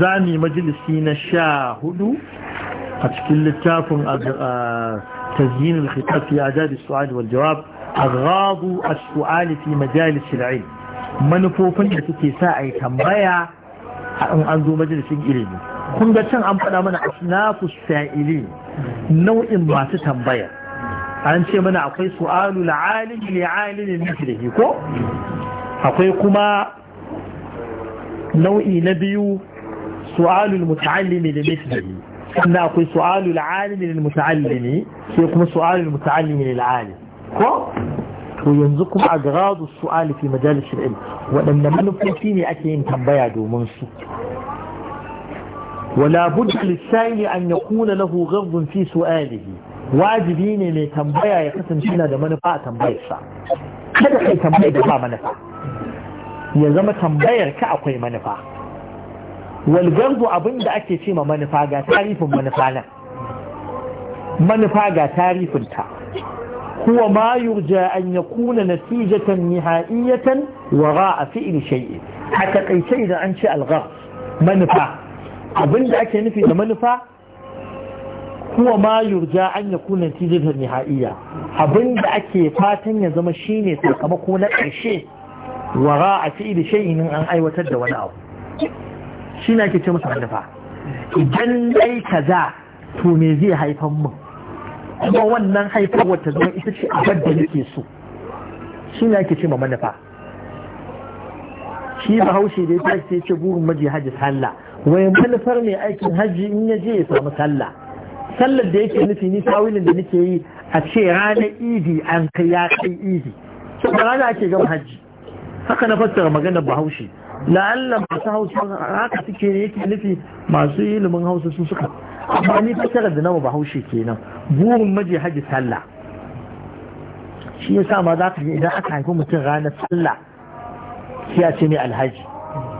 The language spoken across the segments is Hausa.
za mu majalisi na sha hudu a cikin littafin تزيين الخطاب في أعداد السؤال والجواب أغراض السؤال في مجالس العلم manufofin da suke sa ayi tambaya in an zo majalisin ilimi kun ga can an faɗa mana asnafu sa'ili nau'in masu tambaya an ce mana akwai su'alu la'alim li'alimin mithlihi ko akwai kuma nau'i na biyu سؤال المتعلم لمثله فانا اقول سؤال العالم للمتعلم فيكم سؤال المتعلم للعالم كو وينزكم اغراض السؤال في مجالس العلم وان من فيني اكين تنبيا دومن سو ولا بد للسائل ان يكون له غرض في سؤاله واجبين ان تنبيا يكسن شنا ده منفعة تنبيا سا كده كي تنبيا ده منفعة يزم تنبيا كأقوي منفعة walgardu abinda ake cewa manufa ga tarifin manufa nan manufa ga ta huwa ma yurja an yakuna natijatan nihaiyatan wara'a fi'il shay'in a takaice idan an ce algar manufa abinda ake nufi da manufa huwa ma yurja an yakuna natijatan nihaiya abinda ake fatan ya zama shine sakamako na ƙarshe wara'a fi'il shay'in an aiwatar da wani abu shi na ke ce musu manufa idan dai kaza to me zai haifan mu kuma wannan haifarwar ta zama ita ce a da nake so shi na ke ce ma manufa shi bahaushe da ya ce burin maji hajji sallah wai manufar mai aikin hajji in ya je ya samu sallah sallar da yake nufi ni tawilin da nake yi a ce ranar idi an kai ya kai idi so da rana ake gama hajji haka na fassara maganar bahaushe la'alla masu hausa haka suke ne yake nufi masu ilimin hausa su suka amma ni fasara da nawa bahaushe kenan burin maji haji sallah shi ya sa ma za ka idan aka haifi mutum ranar sallah shi ya ce mai alhaji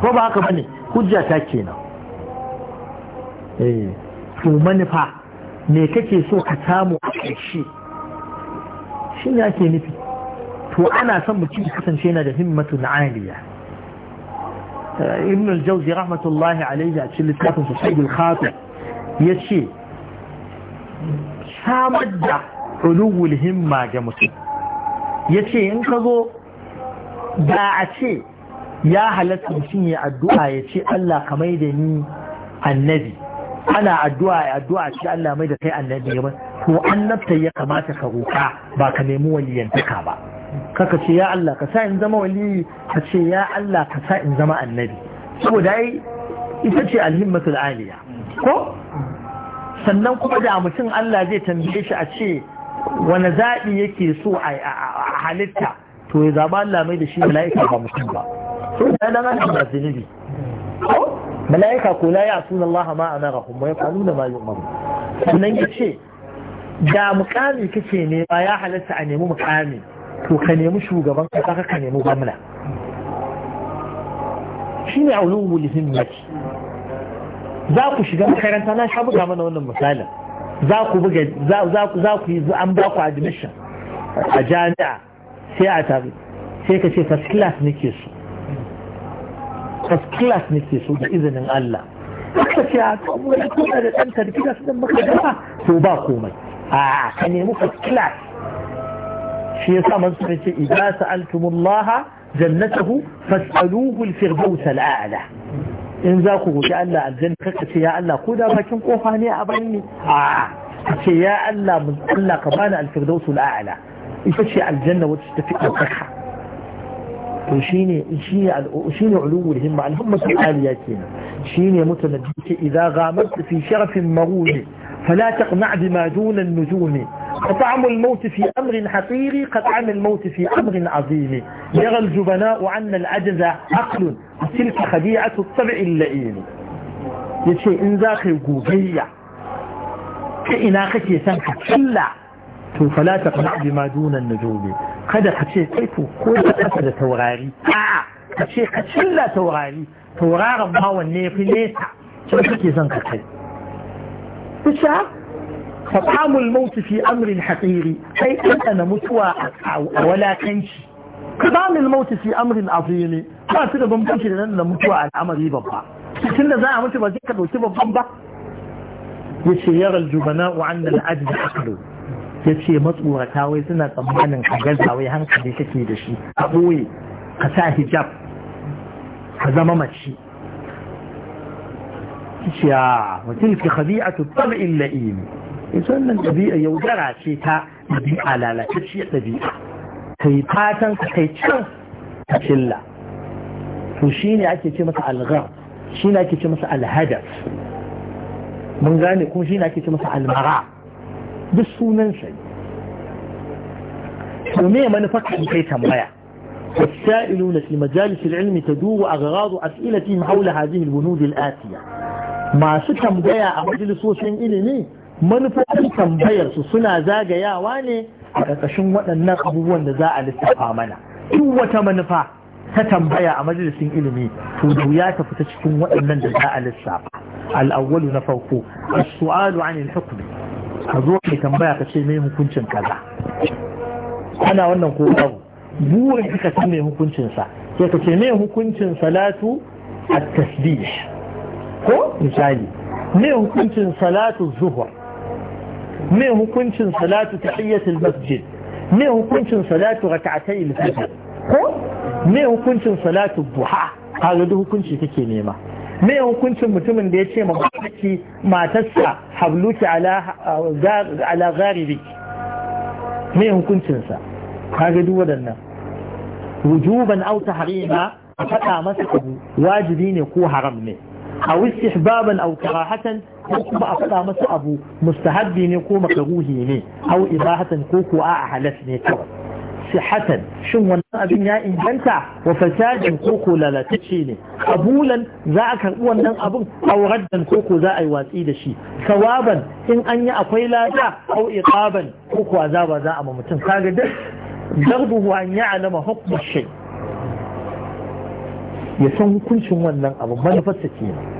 ko ba haka bane hujja ta kenan eh to manufa me kake so ka samu a ƙarshe shi ne ake nufi to ana son mutum kasance yana da himmatu na ibn al-jawzi rahmatullahi alaihi a cikin littafin sahihul khatir yace samar da ulul himma ga mutum yace in ka zo da a ce ya halatta mutum ya addu'a ya ce Allah ka mai da ni annabi ana addu'a ya addu'a ce Allah mai da kai annabi ko annabta ya kamata ka roƙa ba ka nemi waliyantaka ba kaka ce ya Allah ka sa in zama waliyi ka ce ya Allah ka sa in zama annabi saboda ai ita ce alhimmatul aliya ko sannan kuma da mutum Allah zai tambaye shi a ce wani zaɓi yake so a halitta to ya zaɓa Allah mai da shi mala'ika ba mutum ba so da dan Allah ba zunubi mala'ika ko la ya sunan Allah ma amara wa yafaluna ma yu'maru sannan ya ce da mukami kake ne ba ya halatta a nemi mukami to ka nemi shugaban kasa ka nemi gwamna shi ne a aulun wulihin yaki za ku shiga makaranta na sha buga mana wannan misalin za ku buga za ku yi an ba ku admission a jami'a sai a tabi sai ka ce first class nake so first class nake so da izinin Allah ka ce a kuma da ɗan tarbiyyar su ɗan maka to ba komai a ka nemi first class shi yasa man suka ce idza sa'altumullaha jannatahu fas'aluhu al-firdaus al-a'la in za ku roki Allah aljanna kaka ce ya Allah ko da bakin kofa ne a bani a ce ya Allah mun Allah ka bani al-firdaus al-a'la ita ce aljanna wacce ta fi ɗaukaka to shine shine shine ulumul himma al-himma al-aliya kenan shine mutanaddi ce idza ghamat fi sharafin marudi فلا تقنع بما دون النجوم قطعم الموت في أمر حقيري قطعم الموت في أمر عظيم يرى الجبناء عنا العجز عقل وتلك خديعة الطبع اللئيم يتشي إن ذاك القوبية كإنا خشي سمحة كلا فلا تقنع بما دون النجوم قد ka كيف كل to توراري da آه، kasa da توراري توراري ما هو النيف نيسا شو tauraron ma wanne ita faɗamul mawuti fi amrin haƙiri sai ɗanɗa na mutuwa a walakanci faɗamul mawuti fi amrin a ba su da bambanci da na mutuwa a al'amari babba cikin da za a mutu ba zai ka ɗauki babban ba ya ce yara jubana wa an da la'adi ya ce matsorata wai suna tsammanin a gaza wai hankali kake da shi a ɓoye ka sa hijab ka zama mace شياع وتلك خبيئة الطبع اللئيم يسألنا الطبيئة يوجرى شيطاء مبيعة لا لا تشيء طبيئة خيطاتا كتشان تشلا وشيني عكي تشمس على الغرب شيني عكي تشمس على الهدف من غير يكون شيني عكي تشمس على المراء بسو ننسي ومية ما نفكح بكي تمريع والسائلون في مجالس العلم تدور أغراض أسئلتهم حول هذه البنود الآتية masu tambaya a majalisoshin ilimi manufofin tambayarsu suna zagayawa ne a ƙarƙashin waɗannan abubuwan da za a lissafa mana duk wata manufa ta tambaya a majalisin ilimi to da wuya ta fita cikin waɗannan da za a lissafa al'awwalu na farko as-su'alu 'anil hukm ka zo kai tambaya ka ce me hukuncin kaza Kana wannan ko babu burin ka san me hukuncin sa sai ka ce me hukuncin salatu at-tasbih ko misali me hukuncin salatu zuhur me hukuncin salatu tahiyyatul masjid me hukuncin salatu rak'atay al-fajr ko me hukuncin salatu duha kaga duk hukunci kake nema me hukuncin mutumin da ya ce ma matarki matarsa habluki ala ala gharibi me hukuncin sa kaga duk wadannan wujuban aw tahrima a faɗa masa wajibi ne ko haram ne abu استحبابا ne ko كما أفضى مس أبو مستحب نكو مكروه أو إباحة كوكو ne نكو صحة shin wannan abin ya inganta wa fasadin koko lalatacce ne kabulan za a karbi wannan abin auraddan koko za a yi watsi da shi sawaban in an yi akwai lada au iqaban koko azaba za a ma mutum kaga duk darbuhu an ya'lama hukm shay ya san hukuncin wannan abin manufarsa kenan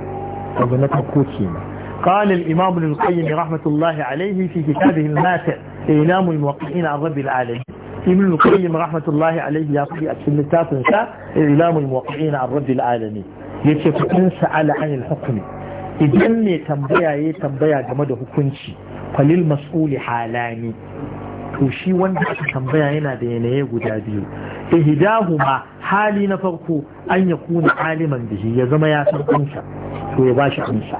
abu na farko kenan قال الإمام ابن القيم رحمة الله عليه في كتابه الماتع إعلام الموقعين عن رب العالمين ابن القيم رحمة الله عليه يقضي أكسلتات نساء إعلام الموقعين عن رب العالمين يتفقن سأل عن الحكم إذن يتنبيع يتنبيع جمد حكمشي فللمسؤول حالاني توشي وانت تنبيع هنا دينيه قدابيه إهداهما حالي نفرقه أن يكون عالما به يزم يا سنقنشا to ya bashi amsa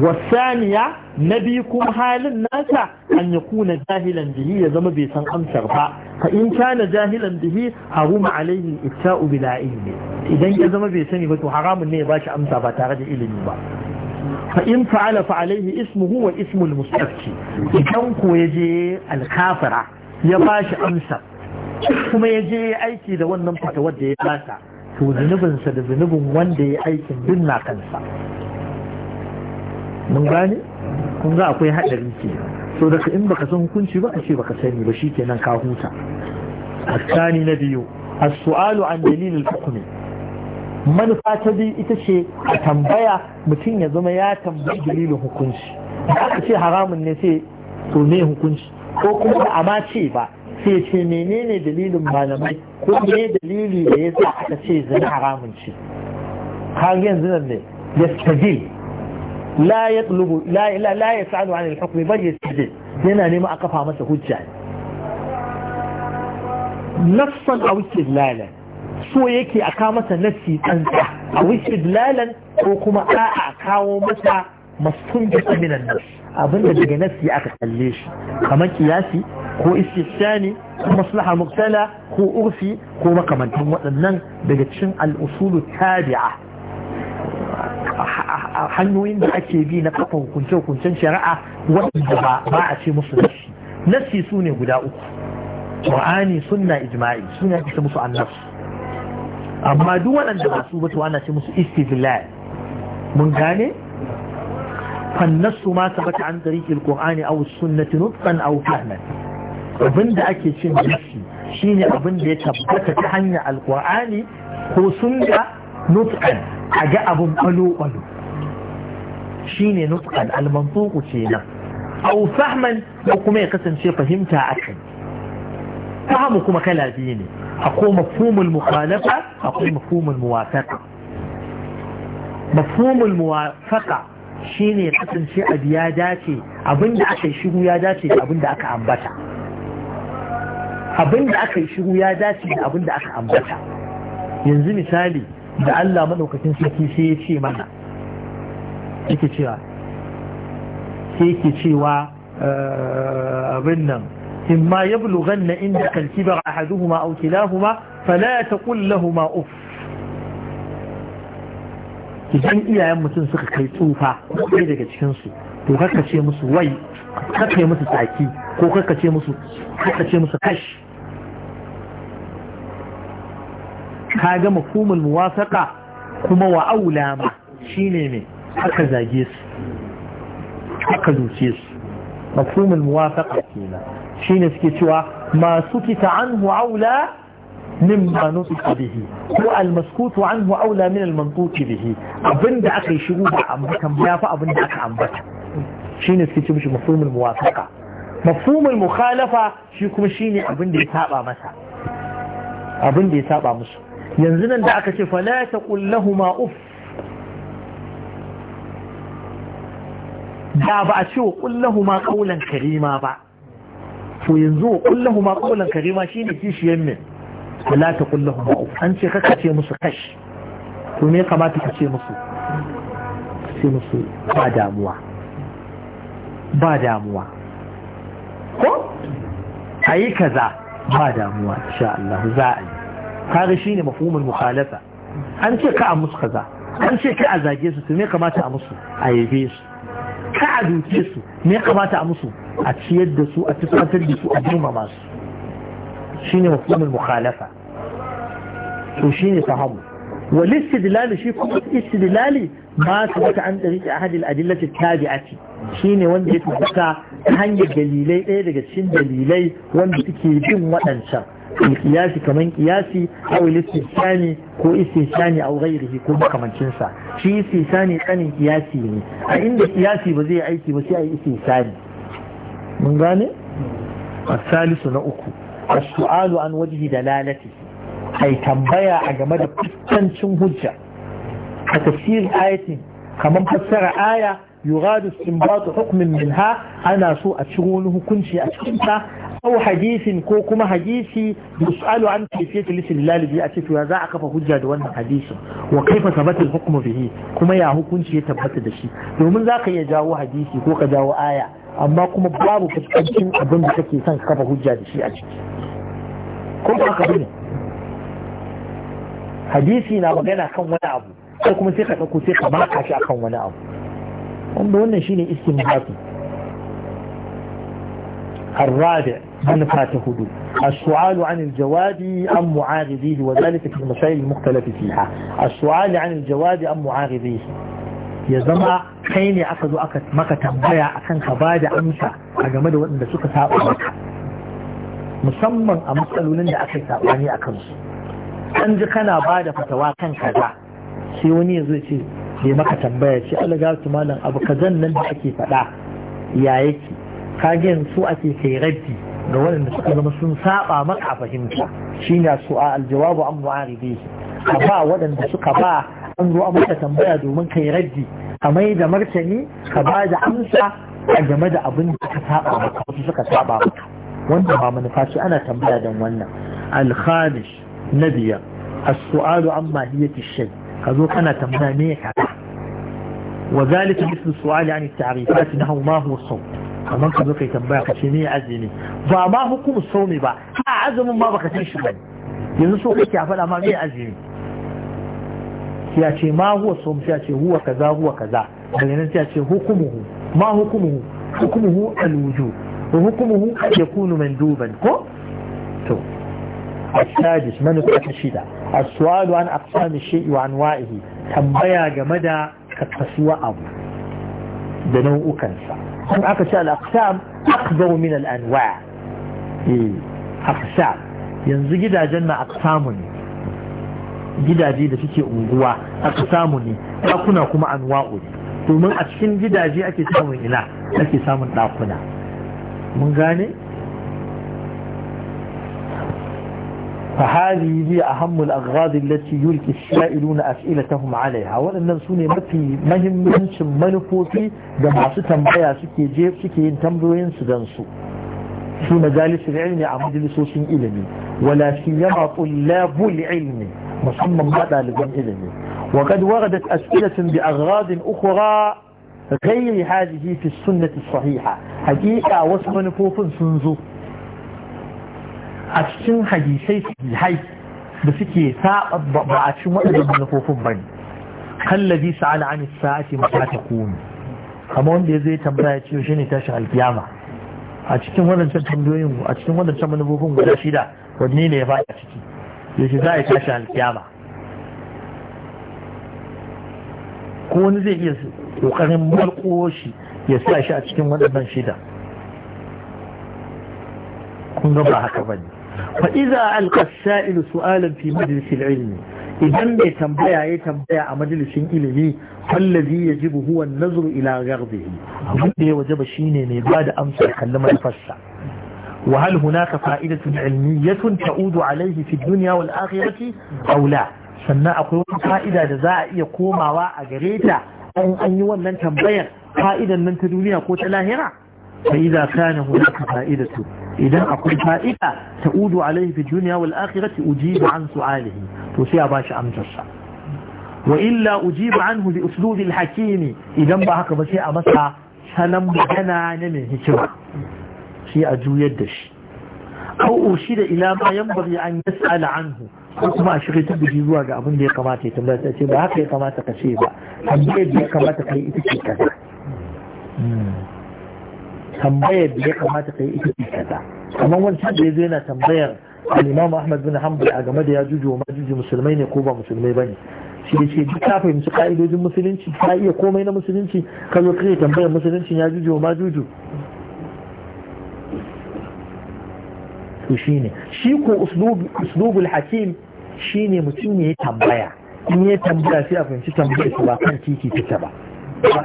wasaniya na biyu kuma halin nasa an ya kuna jahilan bihi ya zama bai san amsar ba fa in kana jahilan bihi haruma alaihi itta'u bila ilmi idan ya zama bai sani ba to haramun ne ya bashi amsa ba tare da ilimi ba fa in fa'ala fa alaihi ismuhu wa ismul mustafti idan ko ya je alkafira ya bashi amsa kuma ya je aiki da wannan fatawar da ya bata to zunubinsa da zunubin wanda ya aikin binna kansa mun gane kun ga akwai haɗari ke so daga in baka san hukunci ba a ce baka sani ba Shi kenan ka huta na الثاني نبي السؤال عن دليل الحكم manufa ta biyu ita ce a tambaya mutum ya zama ya tambayi dalilin hukunci da aka ce haramun ne sai to ne hukunci ko kuma a ma ce ba sai ce menene dalilin malamai ko ne dalili da ya sa aka ce zina haramun ce har yanzu nan ne yastadil la ya tsulubu la ya sa'adu anil hukumi bal yastajib yana nema a kafa masa hujja ne nassan aw istidlalan so yake a kawo masa nassi tsantsa aw istidlalan ko kuma a'a a kawo masa mastunjata min an abinda daga nassi aka kalle shi kamar kiyasi ko istihsani ko maslaha muktala ko urfi ko makamantan waɗannan daga cikin al-usulu tabi'a hanyoyin da ake bi na kafa hukunce-hukuncen shari'a wanda ba a ce musu nashi nasi su ne guda uku ƙwa'ani sunna ijma'i suna ake musu annas amma duk waɗanda ba su batu ana ce musu istidlal mun gane ma فالنص ما ثبت عن طريق القرآن أو السنة نطقا أو فهما abin da ake cin nasi shine abin da ya tabbata ta hanyar alkur'ani ko sunna nutqan a ga abin ƙwalo-ƙwalo shi ne nutsan almantuku ce nan au fahman da kuma ya kasance fahimta a kai fahimu kuma kala biyu ne akwai mafhumul mukhalafa akwai mafhumul muwafaqa mafhumul muwafaqa shine ya kasance abu ya dace abinda aka yi shiru ya dace da abinda aka ambata abinda aka yi shiru ya dace da abinda aka ambata yanzu misali da Allah maɗaukacin sarki sai ya ce mana yake cewa sai yake cewa eh, abin nan in ma ya bulugan na inda kalkibar a haduhuma a kilahuma fala ta kullahuma uf idan iyayen mutum suka kai tsufa ɗaya daga cikinsu to kaka musu wai kaka musu tsaki ko kaka musu musu kashi ka ga mafhumul muwafaqa kuma wa aula ma shine ne aka zage su zuce su mafhumul muwafaqa kina shine suke cewa ma sukita anhu aula min ma nutika bihi ko al maskutu anhu min al bihi abinda aka shigo ba ambatan ba abinda aka ambata shine suke cewa mafhumul muwafaqa mafhumul mukhalafa shi kuma shine abinda ya saba masa abin ya saba musu yanzu nan da aka ce fala ta kullahuma uff da ba a ce wa kullahuma kaulan karima ba to yanzu wa kullahuma kaulan karima shine kishiyar min fala ta kullahuma uff an ce kaka ce musu kashi. to me kamata ka ce musu ce musu ba damuwa ba damuwa ko a yi kaza ba damuwa insha Allah za a yi kaga shine mafumin mukhalafa an ce ka a musu kaza an ce ka a zage su su me kamata a musu a yabe su ka a duke su me kamata a musu a ciyar da su a tufatar da su a girmama su shine mafumin mukhalafa to shine tahammu walisti dilali shi kuma dilali ba su wata an ɗari a hadil adillati tabi'ati shine wanda ya tabbata ta hanyar dalilai ɗaya daga cikin dalilai wanda suke bin waɗancan القياس كمان قياسي أو الاستثاني كو استثاني أو غيره كو مكمنشنسا شي استثاني كان قياسي عند قياسي بزي أيتي بزي أي استثاني من غاني الثالث نأكو السؤال عن وجه دلالته أي تنبيع أجمد بستنشن هجة كتفسير آية كمان فسر آية يغاد استنباط حكم منها أنا سوء أتشغله كنشي أتشغلتا hadisin ko kuma hadisi, أو حديث كوكما حديثي يسأل عن كيفية الاسم لله أتيت هذا أقف حجة دون حديث وكيف ثبت الحكم به ya hukunci حكم شيء da دشي domin zaka iya jawo hadisi ko ka jawo aya amma kuma babu fuskancin abinda kake son ka kafa hujja da shi a ciki ko ba ka bane hadisi na magana kan wani abu sai kuma sai ka ɗauko sai ka baka shi akan wani abu wanda wannan shine istinbati الرابع منفعة هدوء السؤال عن الجواد أم معارضيه وذلك في المسائل المختلف فيها السؤال عن الجواد أم معارضيه ya zama kai ne aka zo aka maka tambaya akan ka ba da amsa a game da waɗanda suka saba maka musamman a matsalolin da aka yi saɓani a kansu an kana bada da fatawa kan kaza sai wani ya zo ce ya maka tambaya ce Allah ga su malam abu kazan nan da ake faɗa ya yake kagen su ake kai raddi ga waɗanda suka zama sun saba maka a fahimta shi ne su a aljawabu an mu'aribi ka ba waɗanda suka ba an zo an maka tambaya domin kai raddi a mai da martani ka ba da amsa a game da abin da ka saba maka wasu suka saba maka wanda ba manufa ce ana tambaya don wannan alkhamis na biyar as-su'alu an mahiyati shay ka zo kana tambaya me ka وذلك مثل السؤال عن التعريفات نحو ما هو الصوت amma ka zo kai tambaya ka ce ni azumi ba ma hukumu saumi ba a azumin ma baka san shi ba yanzu so kake a faɗa ma me azumi ya ce ma huwa saum ya ce huwa kaza huwa kaza daga nan ya ce hukumuhu ma hukumuhu hukumuhu alwuju wa hukumuhu yakunu manduban ko to السادس من an السؤال عن wa anwa'ihi tambaya game da kasuwa abu. da nau'ukansa in aka ce al-aqsam anwa eh aqsam yanzu gidajen na aqsamu ne gidaje da suke unguwa aqsamu ne ɗakuna kuma anwa'u ne domin a cikin gidaje ake samun ina ake samun ɗakuna mun gane فهذه هي أهم الأغراض التي يلقي السائلون أسئلتهم عليها وأن سنة مفي مهم من منش منفوتي دمع بيا سكي جيب سكي تنبوين سدنسو في مجالس العلم عمد لسوسين إلمي ولا سيما طلاب العلم مصمم مدى لبن إلمي وقد وردت أسئلة بأغراض أخرى غير هذه في السنة الصحيحة حقيقة واسم نفوف سنزو a cikin hadisai sahihai da suke saba ba a cikin waɗannan manufofin ba ne kallabi sa'ala an sa'ati mata ta kunu Amma wanda ya zai tambaya ce shi ne tashin alkiyama a cikin waɗancan tambayoyin a cikin waɗancan manufofin guda shida wanne ne ya faɗi a ciki ya ce za a yi tashin alkiyama ko wani zai iya ƙoƙarin malko shi ya sa shi a cikin waɗannan shida kun ga ba haka ba ne fa iza alqa sa'il su'alan fi majlis al idan mai tambaya ya tambaya a majalisin ilimi fallazi yajibu ji an-nazru ila ghadhihi abin da ya wajaba shine mai ba da amsa kalli manufarsa وهل هناك فائدة علمية تعود عليه في الدنيا والآخرة أو لا sannan akwai wata fa'ida da za a iya komawa a gareta? ta an yi wannan tambayar fa'idan nan ta duniya ko ta lahira fa iza kana hunaka fa'idatu idan akwai fa'ida ta udu alaihi fi duniya wal akhirati ujibu an su'alihi to sai a bashi amsarsa wa illa ujibu anhu bi uslubil hakimi idan ba haka ba sai a masa salam magana na mai hikima sai a juyar da shi aw ushida ila ma bari an yas'ala anhu ko kuma a shirya ta guji zuwa ga abin da ya kamata ya tambaya ce ba haka ya kamata ka ce ba tambayar da ya kamata ka yi ita ce kaza hmm. tambayar da ya kamata ka yi ita ce kaza kamar wancan da ya zo yana tambayar al-Imam Ahmad bin Hanbal a game da ya juju ma majuju musulmai ne ko ba musulmai bane shi ya ce duk ka fahimci ka'idojin musulunci ka iya komai na musulunci ka zo kai tambayar musulunci ya juju ma majuju to shine shi ko uslubul hakim shine mutum ya yi tambaya in ya tambaya sai a fahimci tambayar ba kan titi ta ba ba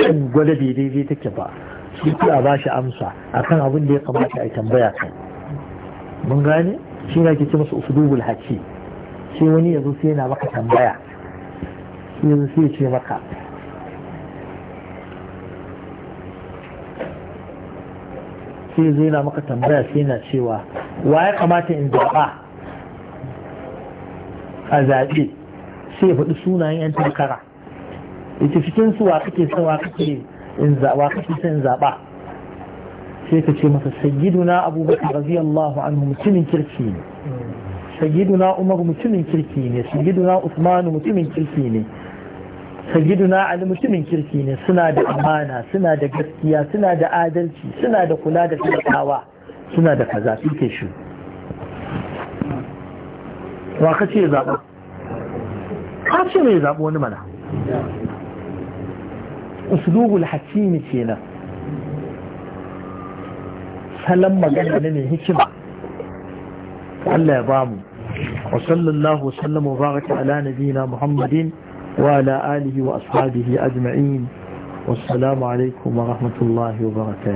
kan gwada daidai take ba shi ku a bashi amsa akan abin da ya kamata a tambaya kai mun gane shi na ke ce masa usudubul haki shi wani yanzu sai yana maka tambaya shi yanzu sai ya ce maka sai yanzu yana maka tambaya sai yana cewa wa ya kamata in zaɓa a zaɓe sai ya faɗi sunayen 'yan takara ita cikin suwa kake sawa kake in zaɓa kake son zaɓa sai ka ce masa sayyiduna abubakar radiyallahu anhu mutumin kirki ne sayyiduna umar mutumin kirki ne sayyiduna usman mutumin kirki ne sayyiduna ali mutumin kirki ne suna da amana suna da gaskiya suna da adalci suna da kula da talakawa suna da kaza suke shi wa ka ce zaɓa ka ce mai zaɓo wani mana uslubul hakimi nan salon magana ne mai hikima Allah ya bamu wa sallallahu wa wa baraka ala nabiyina Muhammadin wa ala alihi wa ashabihi ajma'in wassalamu alaikum wa rahmatullahi wa barakatuh